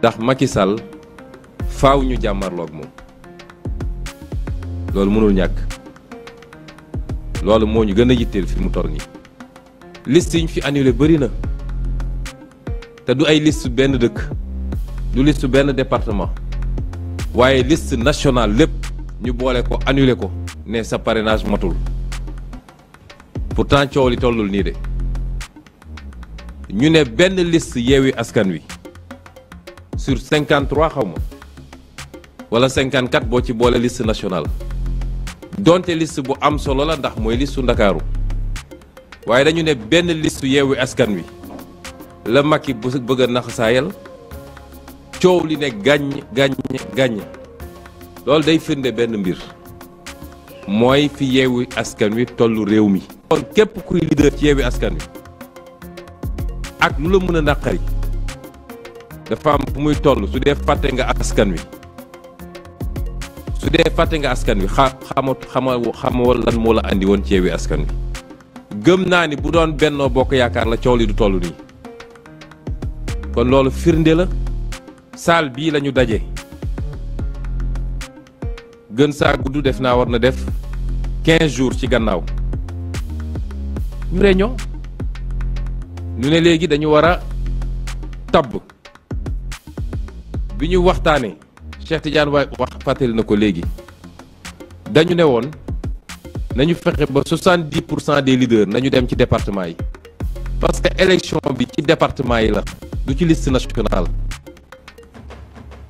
ndax Macky Sall faaw ñu jàmmarloog moom loolu mënul ñàkk loolu moo ñu gën a yitteel fi mu nii liste yi ñu fi annulé bëri na te du ay liste benn dëkk du liste benn département waaye liste nationale lépp ñu boole ko annulé ko ne sa parrainage matul pourtant coow li tollul nii de ñu ne benn liste yeewi askan wi sur 53 xaw ma wala boo ci boole list national donte list bu am solo la ndax mooy liste Ndakaaru waaye dañu ne benn listu yeewu askan wi la Macky bu bëgg a naxsaayal coow li ne gàññ gàññ gàññ loolu day firnde benn mbir mooy fi yeewu askan wi tollu réew mi kon képp kuy leader ci yeewu askan wi ak lu la mën a naqari The fam fu muy toll su def fàtte nga askan wi su def fàtte nga askan wi xa xama xama lan mo la andi won ci wi Askan Wi gem na ni bu doon Benno Bokk la ciow li du toll ni kon lolu firnde la sal bi lañu dajé gën sa def na warna def 15 jours ci gannaaw ñu réñu ñu né légui dañu wara tab biñu waxtané Cheikh Tidiane way wax fatel nako légui dañu néwon woon nañu fexe ba 70 des leaders nañu dem ci département yi parce que élection bi ci département yi la du ci liste nationale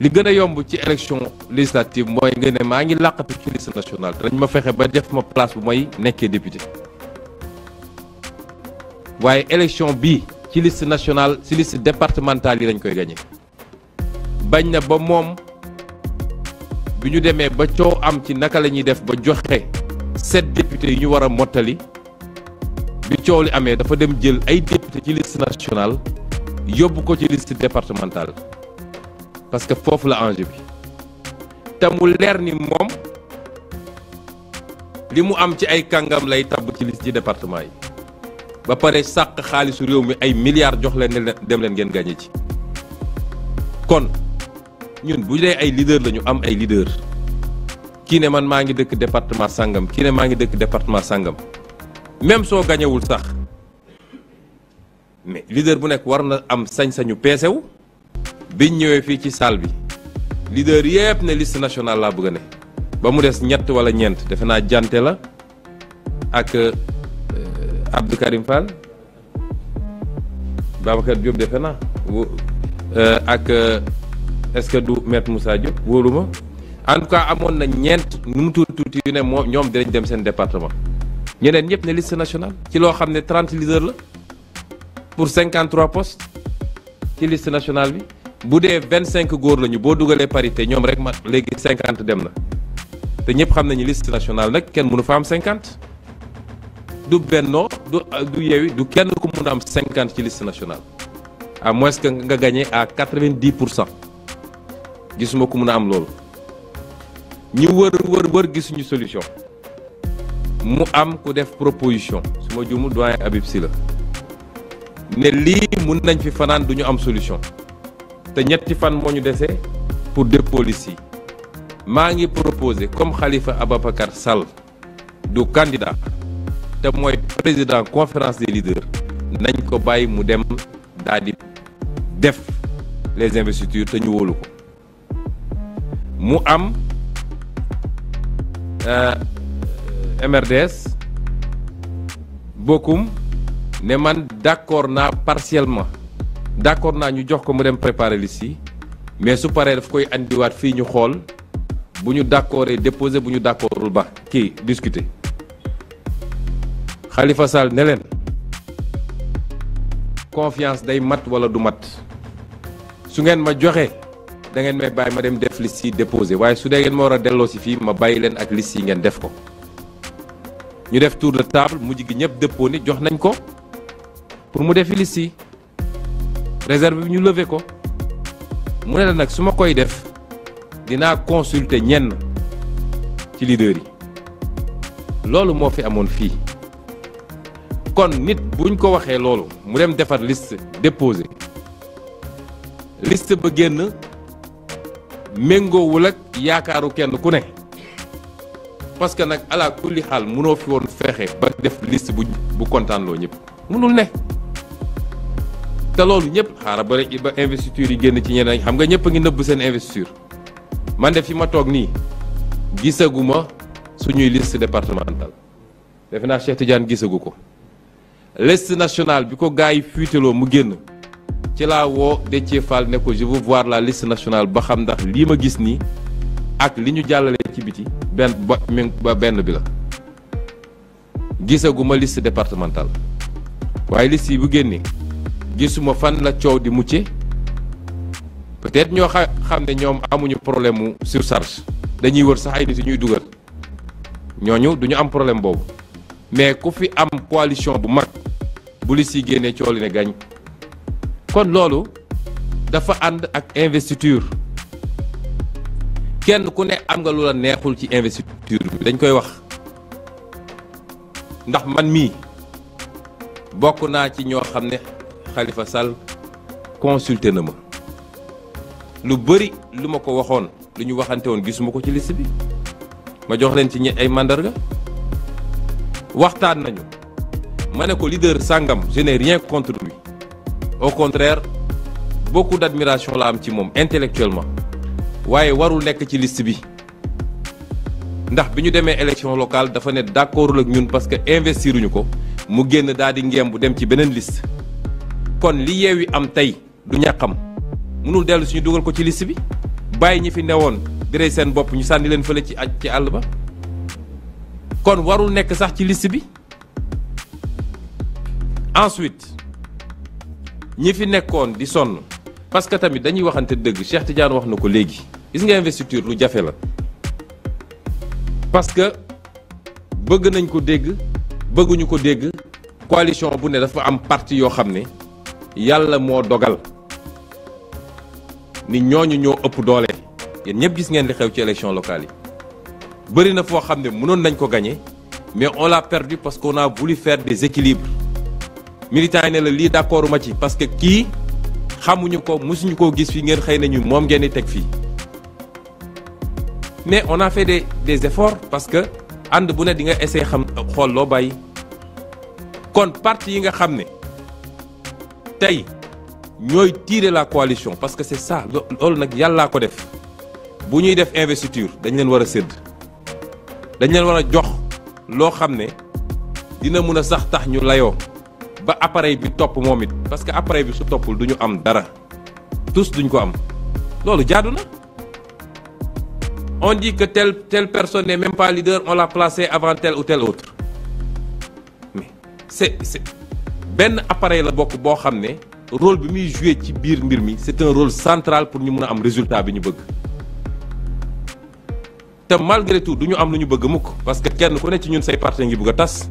li gëna yomb ci élection législative moy nga ne maa ngi laqatu ci liste nationale dañ ma fexé ba def ma place bu may député waaye élection bi ci liste nationale ci liste départementale yi lañ koy gagné. bañ na ba mom biñu démé ba cho am ci naka lañuy def ba joxé sept députés yu ñu wara motali bi cho li amé dafa dem jël ay députés ci liste nationale yobbu ko ci liste départementale parce que fofu la enjeu bi te mu leer ni mom limu am ci ay kangam lay tab ci liste ci département yi ba paré sàq xaalisu réew mi ay milliards jox leen dem leen ngeen gàñe ci kon ñun bu lay ay leader lañu am ay leader ki ne man maangi ngi dëkk département sangam ki ne maangi ngi dëkk département sangam même soo gañewul sax mais leader bu warna war am sañ-sañu wu biñ ñëwé fi ci salle bi leader yépp né liste nationale la bëgg ne ba mu dess ñett wala ñent defe naa la ak euh, Abdou Karim Fall babakar Diop defe naa euh, ak. Euh, est-ce que du mettre Moussa Diop wóoruma en tout cas il na a des mu tout tuuti yu ne moom ñoom dinañ dem sen département ñeneen ñep liste nationale ci lo xamné 30 leaders la pour 53 postes ci liste nationale bi bu 25 góor lañu bo dugalee parité ñom rek ma légui 50 dem na Té ñep xam ñi liste nationale nak kenn mënu fa am 50 du Benno du du yewi du kenn ku mun 50 ci liste nationale à moins que nga gagné à 90 gisuma ko mun a am loolu ñu solution mu am ku def proposition su doyen la ne lii mun nañ fi fanaan solution te ñetti fan pour suis policy. maa ngi proposé comme Khalifa Abapakar sal du candidat te mooy président conférence des leaders nañ ko mu les investitures te mu am eh, MRDS neman ne man d'accord na partiellement d'accord na ñu jox ko mu dem préparer liste yi mais su paré daf koy wat fi ñu xol bu ñu déposer bu d'accordul ba ki discuter Khalifa Sall ne len confiance day mat wala du mat su ngeen ma joxé dangeen ngeen may bàyyi ma dem def liste déposé waaye su dee ngeen ma war a delloo si fii ma bàyyi leen ak liste yi ngeen def ko ñu def tour de table mujj gi ñëpp dëppoo ni jox nañ ko pour mu defi liste yi réserve bi ñu levé ko mu ne la nag su ma koy def dinaa consulter ñenn ci leader yi loolu moo fi amoon fii kon nit buñ ko waxee loolu mu dem defar liste déposé liste ba génn méngoowul ak yaakaaru kenn ku ne parce que nag ala xaal mënoo fi woon fexe ba def liste bu bu kontaanloo ñëpp mënul ne te loolu ñëpp xaara ba ba investiture yi génn ci ñeneen xam nga ñëpp a ngi nëbb seen investiture man def fi ma toog nii gisaguma suñuy liste départementale defe naa Cheikh Tidiane gisagu ko liste nationale bi ko gars yi fuiteloo mu génn ci laa woo Déthié Fall ne ko je voir la liste national ba xam ndax lii ma gis nii ak li ñu jàllale ci biti benn ba ba benn bi la gisaguma liste départementale waaye liste yi bu génnee gisuma fan la coow di mucce peut-être ñoo xam ne ñoom amuñu problème mu surcharge dañuy wër sax ay nit ñuy dugal ñooñu duñu am problème boobu mais ku fi am coalition bu mag bu liste yi génnee coow li ne gàñ kon lolo dafa and investiture kenn ne am nga ci investiture dañ koy wax ndax man Khalifa Sall consulter. na ma lu bëri lu ko waxoon lu waxante woon ci liste bi ma leader Sangam, je n'ai rien contre au contraire beaucoup d'admiration la am ci intellectuellement waye warul nek ci liste bi ndax biñu démé élection locale dafa né d'accord ak ñun parce que investiruñu ko mu génn daadi dem ci benen liste kon li am tay du mënul nous suñu duggal ko ci liste bi ñi fi seen bop ñu sandi leen feulé ci ci all ba kon warul sax liste bi ensuite ñi fi nekkoon di sonn parce que tamit dañuy waxante dëgg Cheikh Tidiane wax na ko léegi gis nga investiture lu jafe la parce que bëgg nañ ko dégg bëgguñu ko dégg coalition bu ne dafa am parti yoo xam ne yàlla moo dogal ni ñooñu ñoo ëpp doole yéen ñëpp gis ngeen li xew ci élection locale yi bëri na foo xam ne mënoon nañ ko gagner mais on l'a perdu parce qu'on a voulu faire des équilibres militant ne la lii ci parce que qui xamuñu ko mosuñu ko gis fi ngeen xëy nañu ngeen mais on a fait des des efforts parce que ànd bune ne di nga essayer xam xool loo kon parti yi nga xam ne tey tirer la coalition parce que c'est ça l'ol nak yalla ko def buñuy def investiture dañ leen wara sedd dañ leen wara jox lo xamne dina mëna sax tax ñu layo ba appareil bi top pour parce que appareil bi su toppul du am dara tous duñ ko am loolu jaadu on dit que telle telle personne n'est même pas leader on l'a placé avant tel ou tel autre mais c'est c'est ben appareil la bokk bo xamné ne rôle bi muy joué ci bir mbir mi c'est un rôle central pour ñu mëna am résultat bi ñu bëgg te malgré tout du am lu ñu bëgg mukk parce que kenn ku ne ci ñun say partenaire ngi bëgg tass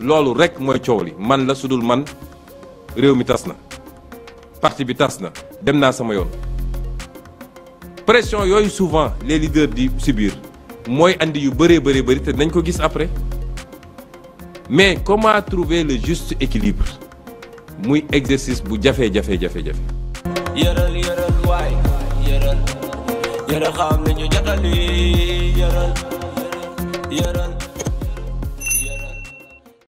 loolu rek moy ciowli man la sudul man parti bi sama pression yoy souvent les leaders di subir moy andi yu beure beure te ko gis après mais comment trouver le juste équilibre muy exercice bu jafé jafé jafé